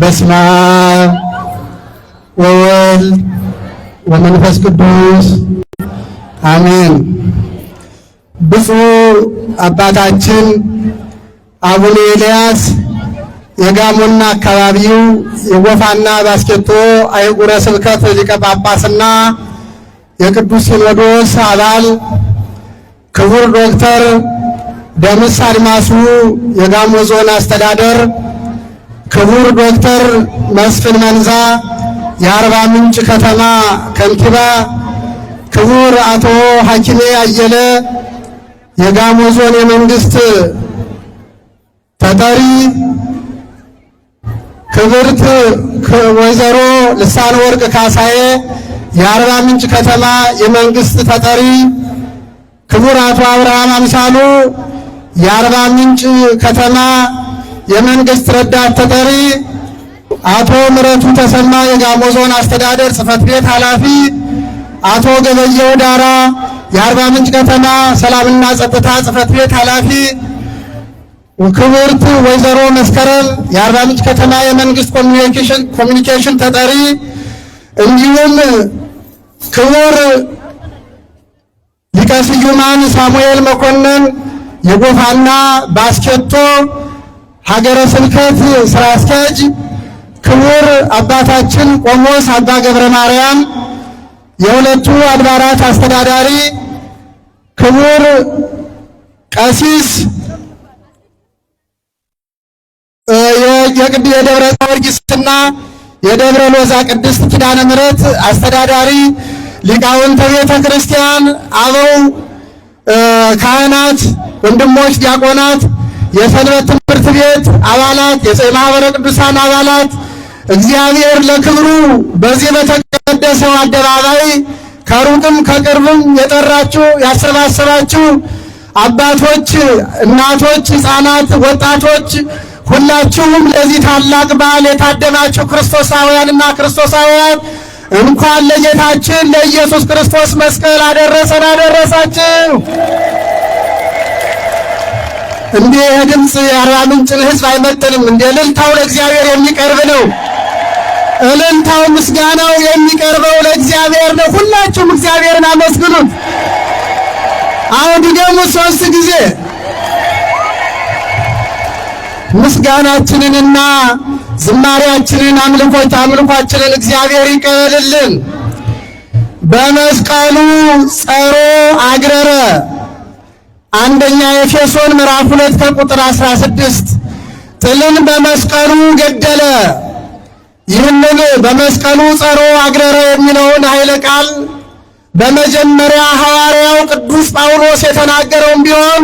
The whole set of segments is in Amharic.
በስመ አብ ወወልድ ወመንፈስ ቅዱስ አሜን። ብፁዕ አባታችን አቡነ ኤልያስ የጋሞና አካባቢው የጎፋና ባስኬቶ አህጉረ ስብከት ሊቀ ጳጳስና የቅዱስ ሲኖዶስ አባል ክቡር ዶክተር ደምስ አድማሱ የጋሞ ዞን አስተዳደር ክቡር ዶክተር መስፍን መንዛ የአርባ ምንጭ ከተማ ከንቲባ፣ ክቡር አቶ ሐኪሜ አየለ የጋሞ ዞን የመንግስት ተጠሪ፣ ክብርት ወይዘሮ ልሳን ወርቅ ካሳዬ የአርባ ምንጭ ከተማ የመንግስት ተጠሪ፣ ክቡር አቶ አብርሃም አምሳሉ የአርባ ምንጭ ከተማ የመንግስት ረዳት ተጠሪ አቶ ምረቱ ተሰማ የጋሞ ዞን አስተዳደር ጽህፈት ቤት ኃላፊ፣ አቶ ገበየው ዳራ የአርባ ምንጭ ከተማ ሰላምና ጸጥታ ጽህፈት ቤት ኃላፊ፣ ክብርት ወይዘሮ መስከረም የአርባ ምንጭ ከተማ የመንግስት ኮሚኒኬሽን ተጠሪ፣ እንዲሁም ክቡር ሊቀ ስዩማን ሳሙኤል መኮንን የጎፋና ባስኬቶ ሀገረ ስብከት ስራ አስኪያጅ ክቡር አባታችን ቆሞስ አባ ገብረ ማርያም፣ የሁለቱ አድባራት አስተዳዳሪ ክቡር ቀሲስ የደብረ ጊዮርጊስና የደብረ ሎዛ ቅድስት ኪዳነ ምሕረት አስተዳዳሪ ሊቃውንተ ቤተ ክርስቲያን፣ አበው ካህናት፣ ወንድሞች ዲያቆናት የሰንበት ትምህርት ቤት አባላት፣ የማህበረ ቅዱሳን አባላት እግዚአብሔር ለክብሩ በዚህ በተቀደሰው አደባባይ ከሩቅም ከቅርብም የጠራችሁ ያሰባሰባችሁ አባቶች፣ እናቶች፣ ህፃናት ወጣቶች ሁላችሁም ለዚህ ታላቅ በዓል የታደማችሁ ክርስቶሳውያንና ክርስቶሳውያን እንኳን ለጌታችን ለኢየሱስ ክርስቶስ መስቀል አደረሰን አደረሳችሁ። እንዴ የድምጽ የአርባ ምንጭን ህዝብ አይመጥንም። እንደ እልልታው ለእግዚአብሔር የሚቀርብ ነው። እልልታው ምስጋናው የሚቀርበው ለእግዚአብሔር ነው። ሁላችሁም እግዚአብሔርን አመስግኑት። አሁን ደግሞ ሶስት ጊዜ ምስጋናችንንና ዝማሪያችንን አምልኮት አምልኳችንን እግዚአብሔር ይቀበልልን። በመስቀሉ ጸሮ አግረረ አንደኛ ኤፌሶን ምዕራፍ 2 ከቁጥር 16 ጥልን በመስቀሉ ገደለ። ይህንን በመስቀሉ ጸሮ አግረረ የሚለውን ኃይለ ቃል በመጀመሪያ ሐዋርያው ቅዱስ ጳውሎስ የተናገረውን ቢሆን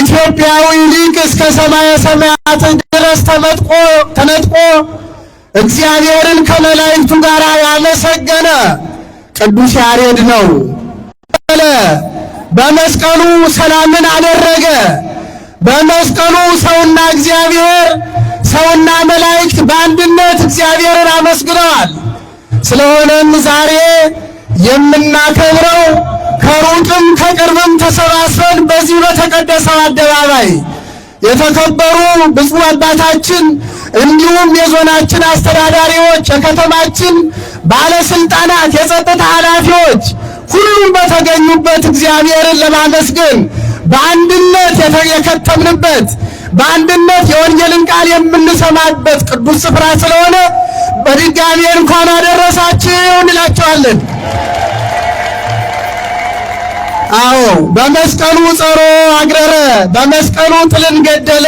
ኢትዮጵያዊ ሊቅ እስከ ሰማየ ሰማያትን ድረስ ተመጥቆ ተነጥቆ እግዚአብሔርን ከመላእክቱ ጋር ያመሰገነ ቅዱስ ያሬድ ነው። በመስቀሉ ሰላምን አደረገ። በመስቀሉ ሰውና እግዚአብሔር ሰውና መላእክት በአንድነት እግዚአብሔርን አመስግነዋል። ስለሆነም ዛሬ የምናከብረው ከሩቅም ከቅርብም ተሰባስበን በዚህ በተቀደሰው አደባባይ የተከበሩ ብፁዕ አባታችን እንዲሁም የዞናችን አስተዳዳሪዎች፣ የከተማችን ባለስልጣናት፣ የጸጥታ ኃላፊዎች ሁሉም በተገኙበት እግዚአብሔርን ለማመስገን በአንድነት የከተምንበት በአንድነት የወንጌልን ቃል የምንሰማበት ቅዱስ ስፍራ ስለሆነ በድጋሚ እንኳን አደረሳችሁ እንላቸዋለን። አዎ በመስቀሉ ጸሮ አግረረ፣ በመስቀሉ ጥልን ገደለ።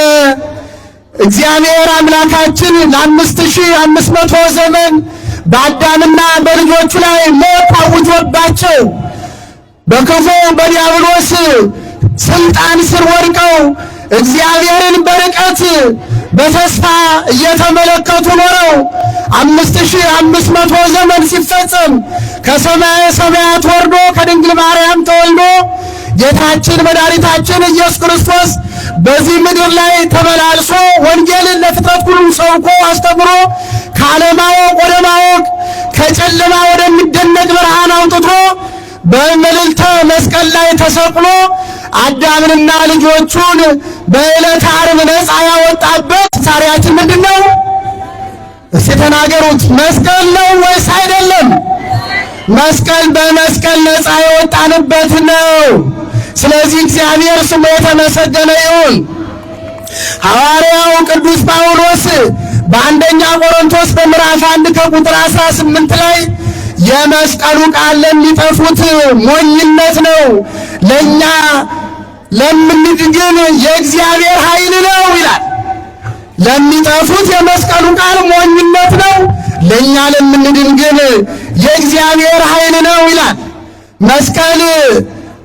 እግዚአብሔር አምላካችን ለአምስት ሺህ አምስት መቶ ዘመን በአዳምና በልጆቹ ላይ ሞት አውጆባቸው። በክፉ በዲያብሎስ ስልጣን ስር ወድቀው እግዚአብሔርን በርቀት በተስፋ እየተመለከቱ ኖረው አምስት ሺህ አምስት መቶ ዘመን ሲፈጸም ከሰማየ ሰማያት ወርዶ ከድንግል ማርያም ተወልዶ ጌታችን መድኃኒታችን ኢየሱስ ክርስቶስ በዚህ ምድር ላይ ተመላልሶ ወንጌልን ለፍጥረት ሁሉ ሰብኮ አስተምሮ ካለማወቅ ወደ ማወቅ ከጨለማ ወደሚደነቅ ብርሃን አውጥቶ በመልዕልተ መስቀል ላይ ተሰቅሎ አዳምንና ልጆቹን በዕለተ ዓርብ ነፃ ያወጣበት ታሪያችን ምንድን ነው? እስቲ ተናገሩት። መስቀል ነው ወይስ አይደለም? መስቀል በመስቀል ነፃ የወጣንበት ነው። ስለዚህ እግዚአብሔር ስሙ የተመሰገነ ይሁን። ሐዋርያው ቅዱስ ጳውሎስ በአንደኛ ቆሮንቶስ በምዕራፍ አንድ ከቁጥር 18 ላይ የመስቀሉ ቃል ለሚጠፉት ሞኝነት ነው፣ ለእኛ ለምንድን የእግዚአብሔር ኃይል ነው ይላል። ለሚጠፉት የመስቀሉ ቃል ሞኝነት ነው፣ ለእኛ ለምንድን ግን የእግዚአብሔር ኃይል ነው ይላል። መስቀል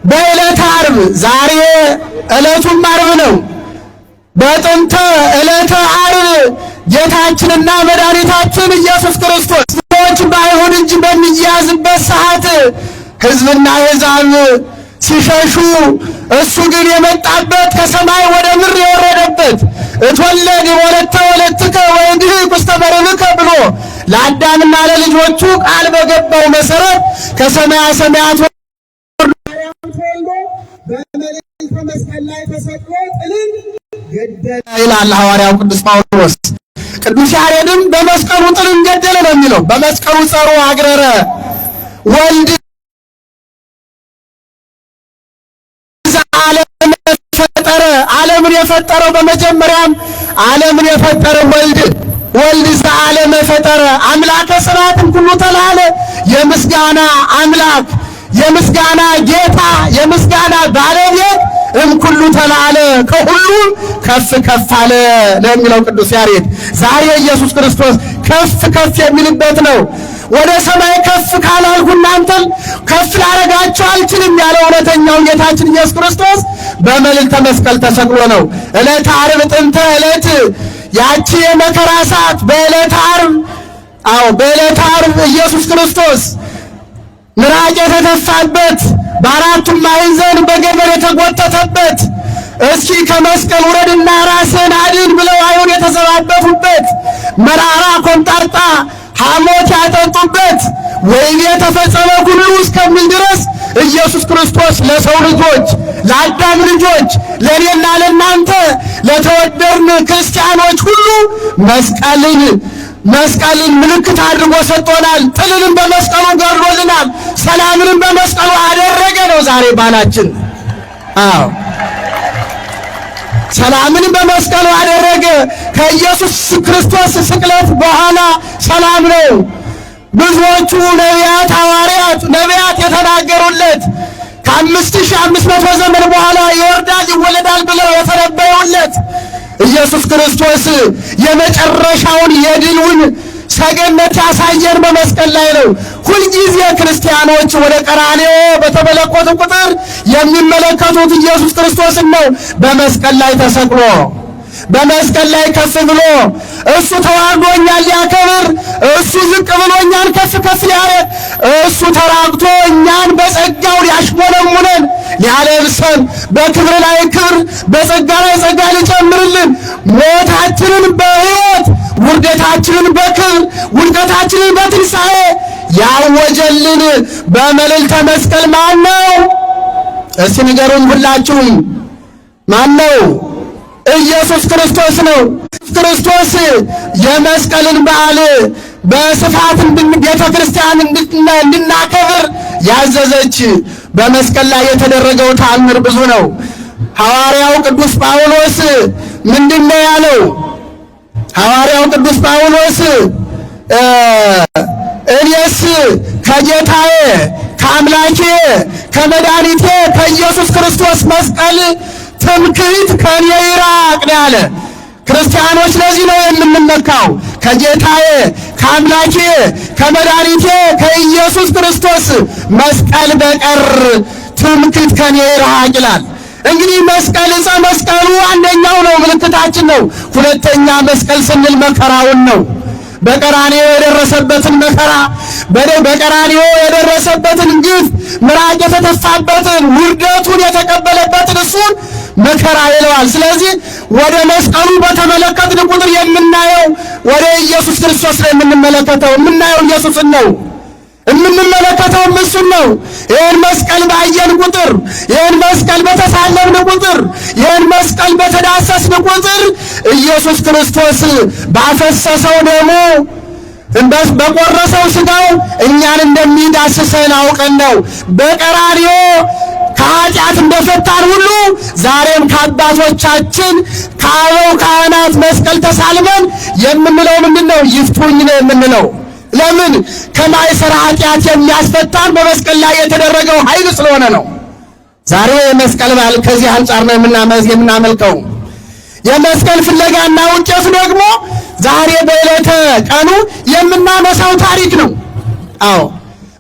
በዕለተ ዓርብ ዛሬ ዕለቱም ዓርብ ነው። በጥንተ ዕለተ ዓርብ ጌታችንና መድኃኒታችን ኢየሱስ ክርስቶስ ሰዎች በአይሁድ እንጂ በሚያዝበት ሰዓት ሕዝብና ሕዛብ ሲሸሹ እሱ ግን የመጣበት ከሰማይ ወደ ምድር የወረደበት እትወለድ ወለተ ወለትከ ወእንዲህ ውስተ መርብከ ብሎ ለአዳምና ለልጆቹ ቃል በገባው መሰረት ከሰማያ ሰማያት ተወልዶ በመሬት መስቀል ላይ ተሰቅሎ ጥልን ገደለ ይላል ሐዋርያው ቅዱስ ጳውሎስ። ቅዱስ ያሬድም በመስቀሉ ጥልን ገደለ ነው የሚለው። በመስቀሉ ጸሮ አግረረ ወልድ ፈጠረ ዓለምን የፈጠረው በመጀመሪያም ዓለምን የፈጠረው ወልድ ወልድ ዘዓለመ ፈጠረ አምላከ ስርዓትን ሁሉ ተላለ የምስጋና አምላክ የምስጋና ጌታ የምስጋና ባለቤት እምኩሉ ተላለ ከሁሉ ከፍ ከፍ አለ ለሚለው ቅዱስ ያሬድ ዛሬ ኢየሱስ ክርስቶስ ከፍ ከፍ የሚልበት ነው። ወደ ሰማይ ከፍ ካላልኩ እናንተን ከፍ ላረጋቸው አልችልም ያለ እውነተኛው ጌታችን ኢየሱስ ክርስቶስ በመልዕልተ መስቀል ተሰቅሎ ነው። ዕለተ ዓርብ ጥንተ ዕለት ያቺ የመከራ ሰዓት በዕለተ ዓርብ አዎ፣ በዕለተ ዓርብ ኢየሱስ ክርስቶስ ምራቅ የተተፋበት በአራቱም ማዕዘን በገበር የተጎተተበት እስኪ ከመስቀል ውረድና ራስን አድን ብለው አይሁን የተሰባበቱበት መራራ ኮንጣርጣ ሐሞት ያጠጡበት ወይም የተፈጸመ ሁሉ እስከሚል ድረስ ኢየሱስ ክርስቶስ ለሰው ልጆች ለአዳም ልጆች ለእኔና ለእናንተ ለተወደርን ክርስቲያኖች ሁሉ መስቀልን መስቀልን ምልክት አድርጎ ሰጥቶናል። ጥልንም በመስቀሉ ገርዶልናል። ሰላምንም በመስቀሉ አደረገ ነው ዛሬ ባላችን። አዎ ሰላምንም በመስቀሉ አደረገ። ከኢየሱስ ክርስቶስ ስቅለት በኋላ ሰላም ነው። ብዙዎቹ ነቢያት፣ ሐዋርያት ነቢያት የተናገሩለት ከአምስት ሺህ አምስት መቶ ዘመን በኋላ ይወርዳል ይወለዳል ብለው የተነበዩለት ኢየሱስ ክርስቶስ የመጨረሻውን የድሉን ሰገነት ያሳየን በመስቀል ላይ ነው። ሁልጊዜ ክርስቲያኖች ወደ ቀራኔዎ በተመለከቱ ቁጥር የሚመለከቱት ኢየሱስ ክርስቶስን ነው፣ በመስቀል ላይ ተሰቅሎ በመስቀል ላይ ከፍ ብሎ እሱ ተዋርዶ እኛን ሊያከብር፣ እሱ ዝቅ ብሎ እኛን ከፍ ከፍ እሱ ተራግቶ እኛን በጸጋው ሊያሽሞለሙለን ሊያለብሰን፣ በክብር ላይ ክብር፣ በጸጋ ላይ ጸጋ ሊጨምርልን፣ ሞታችንን በሕይወት ውርደታችንን በክብር ውድቀታችንን በትንሣኤ ያወጀልን በመልዕልተ መስቀል ማን ነው? እስቲ ንገሩን ሁላችሁም ማን ነው? ኢየሱስ ክርስቶስ ነው። ክርስቶስ የመስቀልን በዓል በስፋት ቤተ ክርስቲያን እንድናከብር ያዘዘች። በመስቀል ላይ የተደረገው ተአምር ብዙ ነው። ሐዋርያው ቅዱስ ጳውሎስ ምንድን ነው ያለው? ሐዋርያው ቅዱስ ጳውሎስ እኔስ ከጌታዬ ከአምላኬ ከመድኃኒቴ ከኢየሱስ ክርስቶስ መስቀል ትምክህት ከኔ ይራቅ ያለ ክርስቲያኖች፣ ለዚህ ነው የምንመካው ከጌታዬ ከአምላኬ ከመድኃኒቴ ከኢየሱስ ክርስቶስ መስቀል በቀር ትምክህት ከኔ ይራቅ ይላል። እንግዲህ መስቀል ዕፀ መስቀሉ አንደኛው ነው፣ ምልክታችን ነው። ሁለተኛ መስቀል ስንል መከራውን ነው። በቀራንዮ የደረሰበትን መከራ በቀራንዮ የደረሰበትን ግፍ፣ ምራቅ የተተፋበትን ውርደቱን የተቀበለበትን እሱን መከራ ይለዋል። ስለዚህ ወደ መስቀሉ በተመለከትን ቁጥር የምናየው ወደ ኢየሱስ ክርስቶስ ነው የምንመለከተው። የምናየው ኢየሱስን ነው የምንመለከተው እሱን ነው። ይህን መስቀል ባየን ቁጥር፣ ይህን መስቀል በተሳለብን ቁጥር፣ ይህን መስቀል በተዳሰስን ቁጥር ኢየሱስ ክርስቶስ ባፈሰሰው ደሙ በቆረሰው ሥጋው እኛን እንደሚዳስሰን አውቀን ነው በቀራሪዮ ከኃጢአት እንደፈታን ሁሉ ዛሬም ከአባቶቻችን ከአበው ካህናት መስቀል ተሳልመን የምንለው ምንድን ነው? ይፍቱኝ ነው የምንለው። ለምን ከማይሰራ ኃጢአት የሚያስፈታን በመስቀል ላይ የተደረገው ኃይል ስለሆነ ነው። ዛሬ የመስቀል በዓል ከዚህ አንጻር ነው የምናመልከው። የመስቀል ፍለጋና ውጤቱ ደግሞ ዛሬ በዕለተ ቀኑ የምናነሳው ታሪክ ነው። አዎ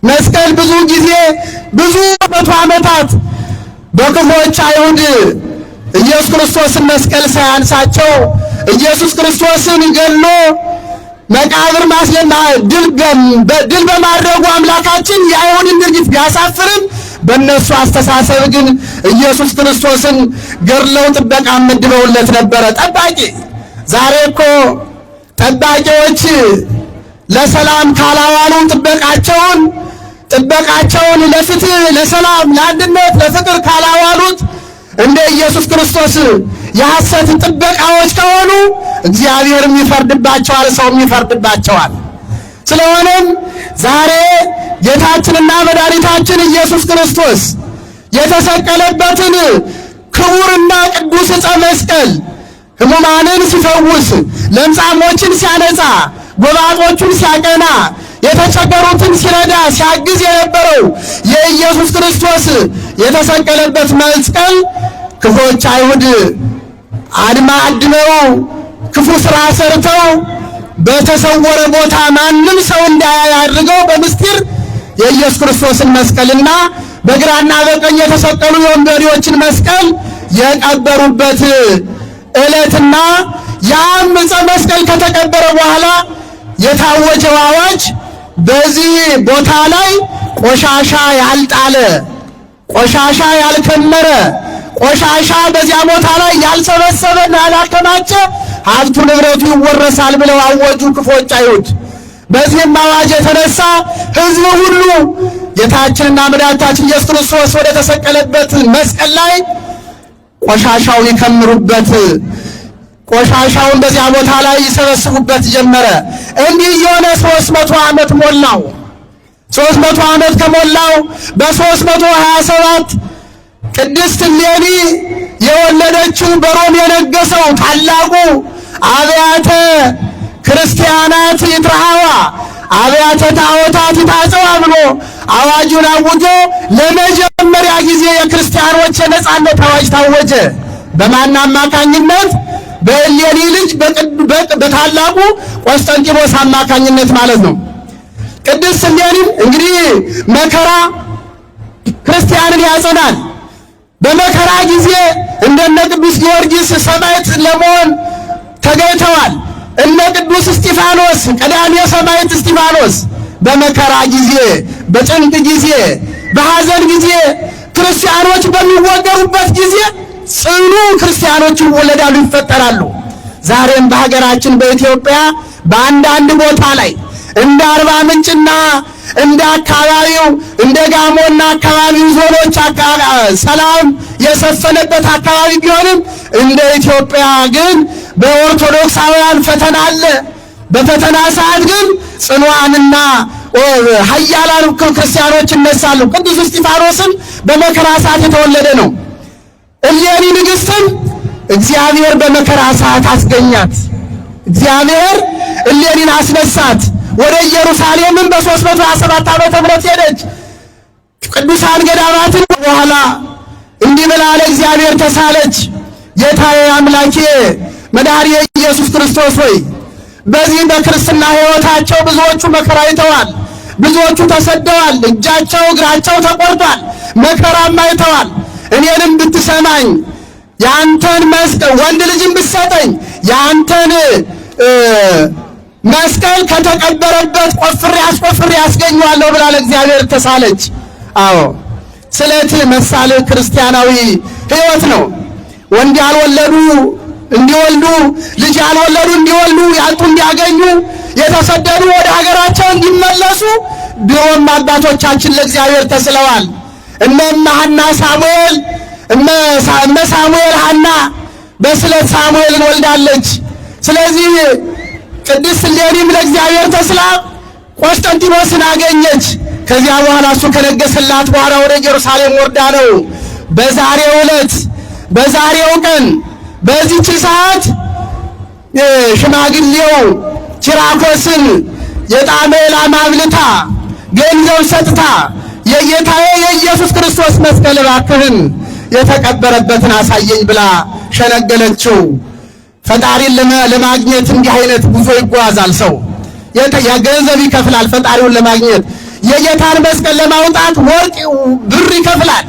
መስቀል ብዙ ጊዜ ብዙ መቶ ዓመታት በክፉዎች አይሁድ ኢየሱስ ክርስቶስን መስቀል ሳያንሳቸው ኢየሱስ ክርስቶስን ገሎ መቃብር ማስገና ድል በማድረጉ አምላካችን የአይሁድን ድርጊት ቢያሳፍርም በእነሱ አስተሳሰብ ግን ኢየሱስ ክርስቶስን ገድለው ጥበቃ መድበውለት ነበረ። ጠባቂ ዛሬ እኮ ጠባቂዎች ለሰላም ካላዋሉ ጥበቃቸውን ጥበቃቸውን ለፍትህ፣ ለሰላም፣ ለአንድነት፣ ለፍቅር ካላዋሉት እንደ ኢየሱስ ክርስቶስ የሐሰት ጥበቃዎች ከሆኑ እግዚአብሔርም ይፈርድባቸዋል፣ ሰውም ይፈርድባቸዋል። ስለሆነም ዛሬ ጌታችንና መድኃኒታችን ኢየሱስ ክርስቶስ የተሰቀለበትን ክቡርና ቅዱስ ዕፀ መስቀል ሕሙማንን ሲፈውስ፣ ለምጻሞችን ሲያነጻ፣ ጎባጦቹን ሲያቀና የተቸገሩትን ሲረዳ ሲያግዝ የነበረው የኢየሱስ ክርስቶስ የተሰቀለበት መስቀል ክፎች አይሁድ አድማ አድነው ክፉ ስራ ሰርተው በተሰወረ ቦታ ማንም ሰው እንዳያይ አድርገው በምስጢር የኢየሱስ ክርስቶስን መስቀልና በግራና በቀኝ የተሰቀሉ የወንበዴዎችን መስቀል የቀበሩበት ዕለትና ያም ዕፀ መስቀል ከተቀበረ በኋላ የታወጀው አዋጅ በዚህ ቦታ ላይ ቆሻሻ ያልጣለ ቆሻሻ ያልከመረ ቆሻሻ በዚያ ቦታ ላይ ያልሰበሰበ እና ያላከማቸ ሀብቱ ንብረቱ ይወረሳል ብለው አወጁ ክፎች አይሁድ። በዚህም አዋጅ የተነሳ ሕዝቡ ሁሉ ጌታችንና መድኃኒታችን ኢየሱስ ክርስቶስ ወደ ተሰቀለበት መስቀል ላይ ቆሻሻው ይከምሩበት ቆሻሻውን በዚያ ቦታ ላይ ይሰበስቡበት ጀመረ። እንዲህ የሆነ ሦስት መቶ ዓመት ሞላው። ሦስት መቶ ዓመት ከሞላው በሦስት መቶ ሀያ ሰባት ቅድስት እሌኒ የወለደችው በሮም የነገሰው ታላቁ አብያተ ክርስቲያናት ይትርሃዋ አብያተ ጣዖታት ይታጸዋ ብሎ አዋጁን አውጆ ለመጀመሪያ ጊዜ የክርስቲያኖች የነጻነት አዋጅ ታወጀ። በማን አማካኝነት? በእሌኒ ልጅ በታላቁ ቆስጠንጢኖስ አማካኝነት ማለት ነው። ቅድስት እሌኒ እንግዲህ መከራ ክርስቲያንን ያጸናል። በመከራ ጊዜ እንደነ ቅዱስ ጊዮርጊስ ሰማዕት ለመሆን ተገኝተዋል። እነ ቅዱስ እስጢፋኖስ ቀዳሜ ሰማዕት እስጢፋኖስ በመከራ ጊዜ፣ በጭንቅ ጊዜ፣ በሐዘን ጊዜ ክርስቲያኖች በሚወገሩበት ጊዜ ጽኑ ክርስቲያኖችን ይወለዳሉ፣ ይፈጠራሉ። ዛሬም በሀገራችን በኢትዮጵያ በአንዳንድ ቦታ ላይ እንደ አርባ ምንጭና እንደ አካባቢው እንደ ጋሞና አካባቢው ዞኖች ሰላም የሰፈነበት አካባቢ ቢሆንም እንደ ኢትዮጵያ ግን በኦርቶዶክሳውያን ፈተና አለ። በፈተና ሰዓት ግን ጽኑዓንና ሀያላን ክርስቲያኖች እነሳሉ። ቅዱስ እስጢፋኖስም በመከራ ሰዓት የተወለደ ነው። እሌኒ ንግሥትን እግዚአብሔር በመከራ ሰዓት አስገኛት። እግዚአብሔር እሌኒን አስነሳት። ወደ ኢየሩሳሌምም በ327 ዓመተ ምሕረት ሄደች። ቅዱሳን ገዳማትን በኋላ እንዲህ ብላ ለእግዚአብሔር ተሳለች። ጌታዬ አምላኬ መድኃኔ ኢየሱስ ክርስቶስ ሆይ በዚህም በክርስትና ሕይወታቸው ብዙዎቹ መከራ አይተዋል። ብዙዎቹ ተሰደዋል። እጃቸው እግራቸው ተቆርጧል። መከራም አይተዋል። እኔንም ብትሰማኝ የአንተን መስቀል ወንድ ልጅም ብትሰጠኝ የአንተን መስቀል ከተቀበረበት ቆፍሬ አስቆፍሬ ያስገኘዋለሁ ብላ ለእግዚአብሔር ተሳለች። አዎ ስለት መሳሌ ክርስቲያናዊ ሕይወት ነው። ወንድ ያልወለዱ እንዲወልዱ፣ ልጅ ያልወለዱ እንዲወልዱ፣ ያጡ እንዲያገኙ፣ የተሰደዱ ወደ ሀገራቸው እንዲመለሱ ድሮም አባቶቻችን ለእግዚአብሔር ተስለዋል። እነ ሐና ሳሙኤል እነ ሳሙኤል ሐና በስለት ሳሙኤልን ወልዳለች። ስለዚህ ቅድስት እሌኒም ለእግዚአብሔር ተስላ ቆስጠንጢኖስን አገኘች። ከዚያ በኋላ እሱ ከነገሰላት በኋላ ወደ ኢየሩሳሌም ወርዳ ነው። በዛሬው ዕለት በዛሬው ቀን በዚች ሰዓት ሽማግሌው ቲራኮስን የጣመላ ማብልታ ገንዘብ ሰጥታ የጌታዬ የኢየሱስ ክርስቶስ መስቀል እባክህን የተቀበረበትን አሳየኝ ብላ ሸነገለችው። ፈጣሪን ለማግኘት እንዲህ አይነት ጉዞ ይጓዛል ሰው። ገንዘብ ይከፍላል ፈጣሪውን ለማግኘት። የጌታን መስቀል ለማውጣት ወርቅ ብር ይከፍላል።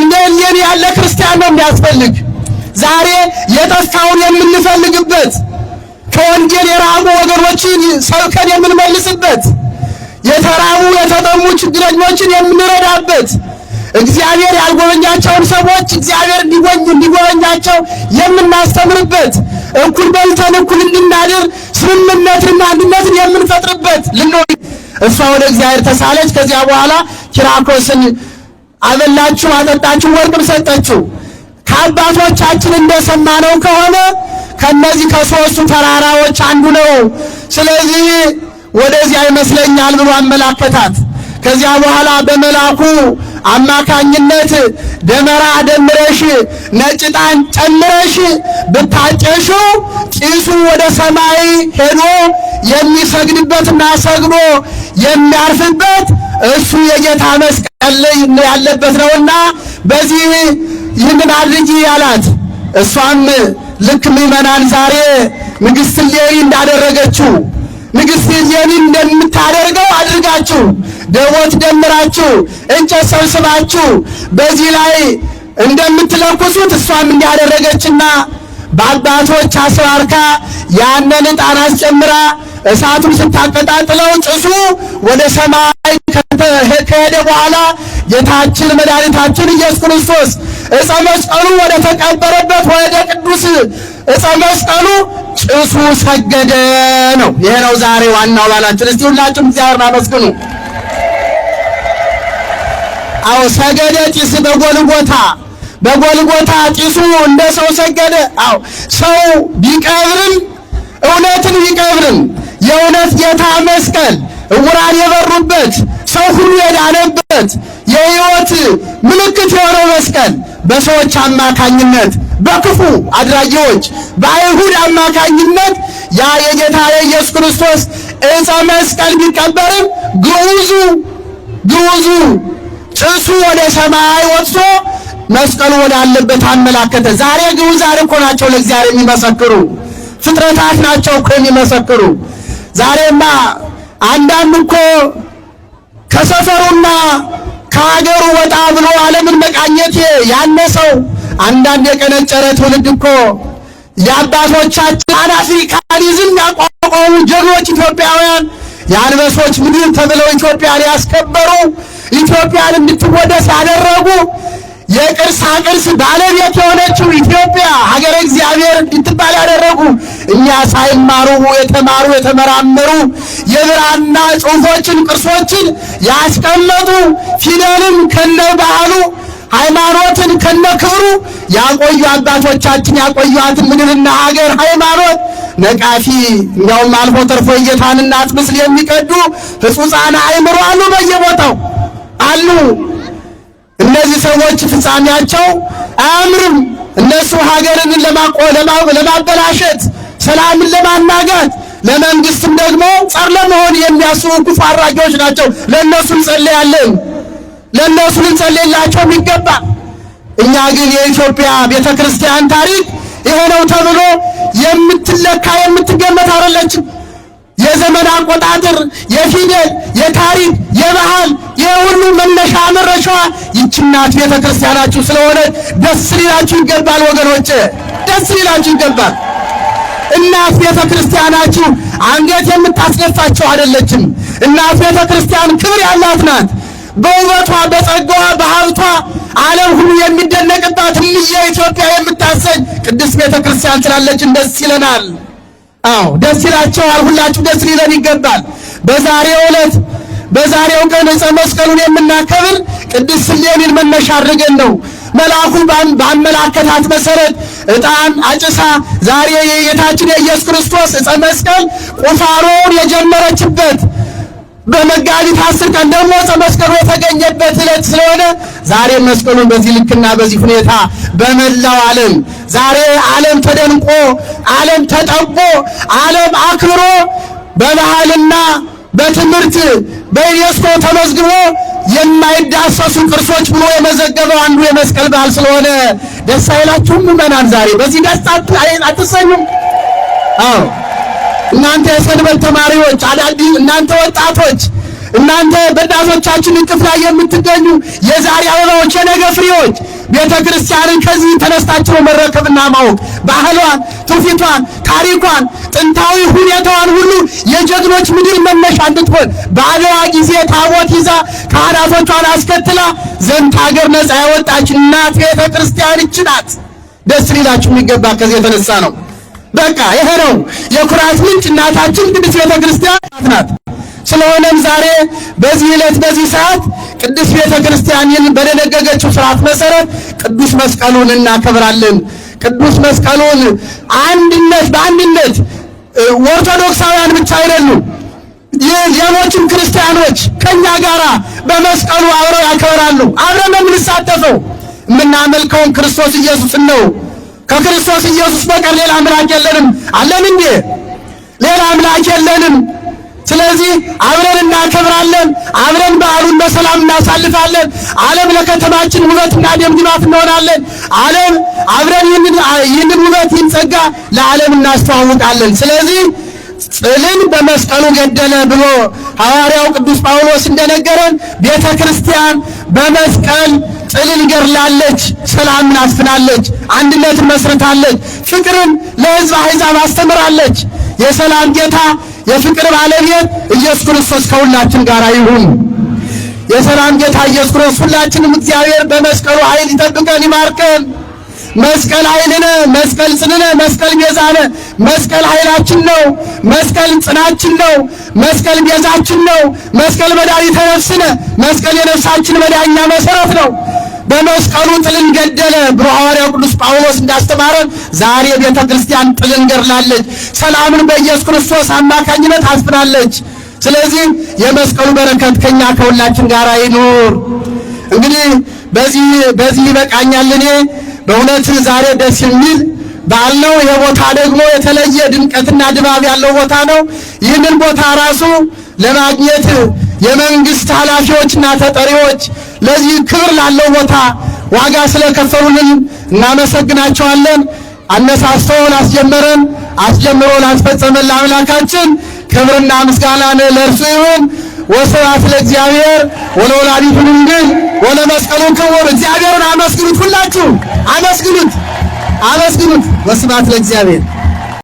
እንደኔን ያለ ክርስቲያን ነው የሚያስፈልግ። ዛሬ የጠፋውን የምንፈልግበት ከወንጌል የራቁ ወገኖችን ሰብከን የምንመልስበት የተራቡ የተጠሙ ችግረኞችን የምንረዳበት እግዚአብሔር ያልጎበኛቸውን ሰዎች እግዚአብሔር እንዲጎኝ እንዲጎበኛቸው የምናስተምርበት እኩል በልተን እኩል እንድናድር ስምምነትንና አንድነትን የምንፈጥርበት ልንሆን እሷ ወደ እግዚአብሔር ተሳለች። ከዚያ በኋላ ኪራኮስን አበላችሁ፣ አጠጣችሁ፣ ወርቅም ሰጠችው። ከአባቶቻችን እንደሰማነው ከሆነ ከነዚህ ከሶስቱ ተራራዎች አንዱ ነው። ስለዚህ ወደዚያ ይመስለኛል ብሎ አመላከታት። ከዚያ በኋላ በመላኩ አማካኝነት ደመራ ደምረሽ ነጭ ጣን ጨምረሽ ብታጨሹ ጢሱ ወደ ሰማይ ሄዶ የሚሰግድበትና ሰግዶ የሚያርፍበት እሱ የጌታ መስቀል ያለበት ነውና በዚህ ይህንን አድርጊ ያላት። እሷም ልክ ምዕመናን ዛሬ ንግሥት እሌኒ እንዳደረገችው ንግሥት እሌኒ እንደምታደርገው አድርጋችሁ ደቦት ደምራችሁ እንጨት ሰብስባችሁ በዚህ ላይ እንደምትለኩሱት እሷም እንዲያደረገችና በአባቶች አስባርካ ያንን ዕጣን አስጨምራ እሳቱን ስታቀጣጥለው ጭሱ ወደ ሰማይ ከሄደ በኋላ ጌታችን መድኃኒታችን ኢየሱስ ክርስቶስ ዕፀ መስቀሉ ወደ ተቀበረበት ወደ ቅዱስ ዕፀ መስቀሉ ጭሱ ሰገደ ነው። ይሄ ነው ዛሬ ዋናው ባላችን። እስቲ ሁላችሁም እግዚአብሔር አመስግኑ። አዎ ሰገደ ጭስ በጎልጎታ በጎልጎታ ጢሱ እንደ ሰው ሰገደ። አዎ ሰው ቢቀብርም እውነትን ቢቀብርም የእውነት ጌታ መስቀል እውራን የበሩበት ሰው ሁሉ የዳነበት የሕይወት ምልክት የሆነው መስቀል በሰዎች አማካኝነት በክፉ አድራጊዎች በአይሁድ አማካኝነት ያ የጌታ የኢየሱስ ክርስቶስ ዕፀ መስቀል ቢቀበርም ግዑዙ ግዑዙ ጭሱ ወደ ሰማይ ወጥቶ መስቀሉ ወዳለበት አመላከተ። ዛሬ ግዑዛን እኮ ናቸው ለእግዚአብሔር የሚመሰክሩ ፍጥረታት ናቸው እኮ የሚመሰክሩ። ዛሬማ አንዳንድ እኮ ከሰፈሩና ከሀገሩ ወጣ ብሎ ዓለምን መቃኘት ያነሰው አንዳንድ የቀነጨረ ትውልድ እኮ የአባቶቻችን አፍሪካኒዝም ያቋቋሙ ጀግኖች ኢትዮጵያውያን የአንበሶች ምድር ተብለው ኢትዮጵያን ያስከበሩ ኢትዮጵያን እንድትወደስ ያደረጉ የቅርሳ ቅርስ ባለቤት የሆነችው ኢትዮጵያ ሀገረ እግዚአብሔር እንድትባል ያደረጉ እኛ ሳይማሩ የተማሩ የተመራመሩ የብራና ጽሑፎችን ቅርሶችን ያስቀመጡ ፊደልም ከነ ባህሉ ሃይማኖትን ከነክብሩ ያቆዩ አባቶቻችን ያቆዩአትን ምድርና ሀገር ሃይማኖት ነቃፊ እንዲያውም አልፎ ተርፎ እየታንና አጥምስል የሚቀዱ ሕጹፃን አእምሮ አሉ፣ በየቦታው አሉ። እነዚህ ሰዎች ፍጻሜያቸው አያምርም። እነሱ ሀገርን ለማበላሸት ሰላምን ለማናጋት ለመንግስትም ደግሞ ጸር ለመሆን የሚያስቡ ክፉ አራጊዎች ናቸው። ለእነሱ እንጸልያለን። ለእነሱ ልንጸልይላቸው የሚገባ እኛ ግን የኢትዮጵያ ቤተ ክርስቲያን ታሪክ ይሄ ነው ተብሎ የምትለካ የምትገመት አይደለችም። የዘመን አቆጣጠር፣ የፊደል፣ የታሪክ፣ የባህል የሁሉ መነሻ መረሻዋ ይችናት እናት ቤተ ክርስቲያናችሁ ስለሆነ ደስ ሊላችሁ ይገባል። ወገኖች ደስ ሊላችሁ ይገባል። እናት ቤተ ክርስቲያናችሁ አንገት የምታስደፋችሁ አይደለችም። እናት ቤተ ክርስቲያን ክብር ያላት ናት። በውበቷ በጸጋዋ በሀብቷ ዓለም ሁሉ የሚደነቅባት እምዬ ኢትዮጵያ የምታሰኝ ቅድስት ቤተ ክርስቲያን ስላለችን ደስ ይለናል። አዎ ደስ ይላቸዋል። ሁላችሁ ደስ ሊለን ይገባል። በዛሬው ዕለት በዛሬው ቀን ዕፀ መስቀሉን የምናከብር ቅድስት ስሌኒን መነሻ አድርገን ነው። መልአኩ ባመላከታት መሰረት ዕጣን አጭሳ ዛሬ የጌታችን የኢየሱስ ክርስቶስ ዕፀ መስቀል ቁፋሮውን የጀመረችበት በመጋቢት አስር ቀን ደግሞ መስቀሉ የተገኘበት ዕለት ስለሆነ ዛሬ መስቀሉን በዚህ ልክና በዚህ ሁኔታ በመላው ዓለም ዛሬ ዓለም ተደንቆ ዓለም ተጠቦ ዓለም አክብሮ በባህልና በትምህርት በዩኔስኮ ተመዝግቦ የማይዳሰሱ ቅርሶች ብሎ የመዘገበው አንዱ የመስቀል በዓል ስለሆነ ደስ አይላችሁም ምዕመናን? ዛሬ በዚህ ደስ አትሰኙም? አዎ እናንተ የሰንበት ተማሪዎች አዳዲስ እናንተ ወጣቶች እናንተ በዳሶቻችን እቅፍ ላይ የምትገኙ የዛሬ አበባዎች የነገ ፍሬዎች ቤተ ክርስቲያንን ከዚህ ተነስታችሁ መረከብና ማወቅ ባህሏን፣ ትውፊቷን፣ ታሪኳን፣ ጥንታዊ ሁኔታዋን ሁሉ የጀግኖች ምድር መነሻ እንድትሆን በአድዋ ጊዜ ታቦት ይዛ ካህናቶቿን አስከትላ ዘንድ ሀገር ነጻ ያወጣች እናት ቤተ ክርስቲያን ይችናት። ደስ ሊላችሁ የሚገባ ከዚህ የተነሳ ነው። በቃ ይሄ ነው የኩራት ምንጭ እናታችን ቅድስት ቤተ ክርስቲያን ናት። ስለሆነም ዛሬ በዚህ ዕለት በዚህ ሰዓት ቅድስት ቤተ ክርስቲያንን በደነገገችው ስርዓት መሰረት ቅዱስ መስቀሉን እናከብራለን። ቅዱስ መስቀሉን አንድነት በአንድነት ኦርቶዶክሳውያን ብቻ አይደሉም፣ ሌሎችም ክርስቲያኖች ከኛ ጋር በመስቀሉ አብረው ያከብራሉ። አብረን ነው የምንሳተፈው። የምናመልከውን ክርስቶስ ኢየሱስን ነው። ከክርስቶስ ኢየሱስ በቀር ሌላ አምላክ የለንም አለን እንዴ? ሌላ አምላክ የለንም። ስለዚህ አብረን እናከብራለን። አብረን በዓሉን በሰላም እናሳልፋለን። ዓለም ለከተማችን ውበትና ደም እንሆናለን። ዓለም አብረን ይህንን ውበት ይህን ጸጋ ለዓለም እናስተዋውቃለን። ስለዚህ ጥልን በመስቀሉ ገደለ ብሎ ሐዋርያው ቅዱስ ጳውሎስ እንደነገረን ቤተ ክርስቲያን በመስቀል ጥልን ገርላለች ሰላምን አስፍናለች፣ አንድነትን መስርታለች፣ ፍቅርን ለሕዝብ አሕዛብ አስተምራለች። የሰላም ጌታ የፍቅር ባለቤት ኢየሱስ ክርስቶስ ከሁላችን ጋር ይሁን። የሰላም ጌታ ኢየሱስ ክርስቶስ ሁላችንም እግዚአብሔር በመስቀሉ ኃይል ይጠብቀን ይማርከን። መስቀል ኃይልነ፣ መስቀል ጽንነ፣ መስቀል ቤዛነ። መስቀል ኃይላችን ነው። መስቀል ጽናችን ነው። መስቀል ቤዛችን ነው። መስቀል መድኃኒተ ነፍስነ፣ መስቀል የነፍሳችን መዳኛ መሰረት ነው። በመስቀሉ ጥልን ገደለ ብሎ ሐዋርያው ቅዱስ ጳውሎስ እንዳስተማረን ዛሬ ቤተ ክርስቲያን ጥልን ገድላለች፣ ሰላምን በኢየሱስ ክርስቶስ አማካኝነት አስፍናለች። ስለዚህ የመስቀሉ በረከት ከኛ ከሁላችን ጋር ይኑር። እንግዲህ በዚህ በዚህ ይበቃኛል። እኔ በእውነት ዛሬ ደስ የሚል በዓል ነው። ይሄ ቦታ ደግሞ የተለየ ድምቀትና ድባብ ያለው ቦታ ነው። ይህንን ቦታ ራሱ ለማግኘት የመንግስት ኃላፊዎችና ተጠሪዎች ለዚህ ክብር ላለው ቦታ ዋጋ ስለከፈሉልን እናመሰግናቸዋለን። አነሳስተውን አስጀመረን አስጀምሮ ላስፈጸመን ለአምላካችን ክብርና ምስጋናን ለእርሱ ይሁን። ወስብሐት ለእግዚአብሔር ወለወላዲቱ ድንግል ወለመስቀሉ ክቡር። እግዚአብሔርን አመስግኑት፣ ሁላችሁ አመስግኑት፣ አመስግኑት። ወስብሐት ለእግዚአብሔር።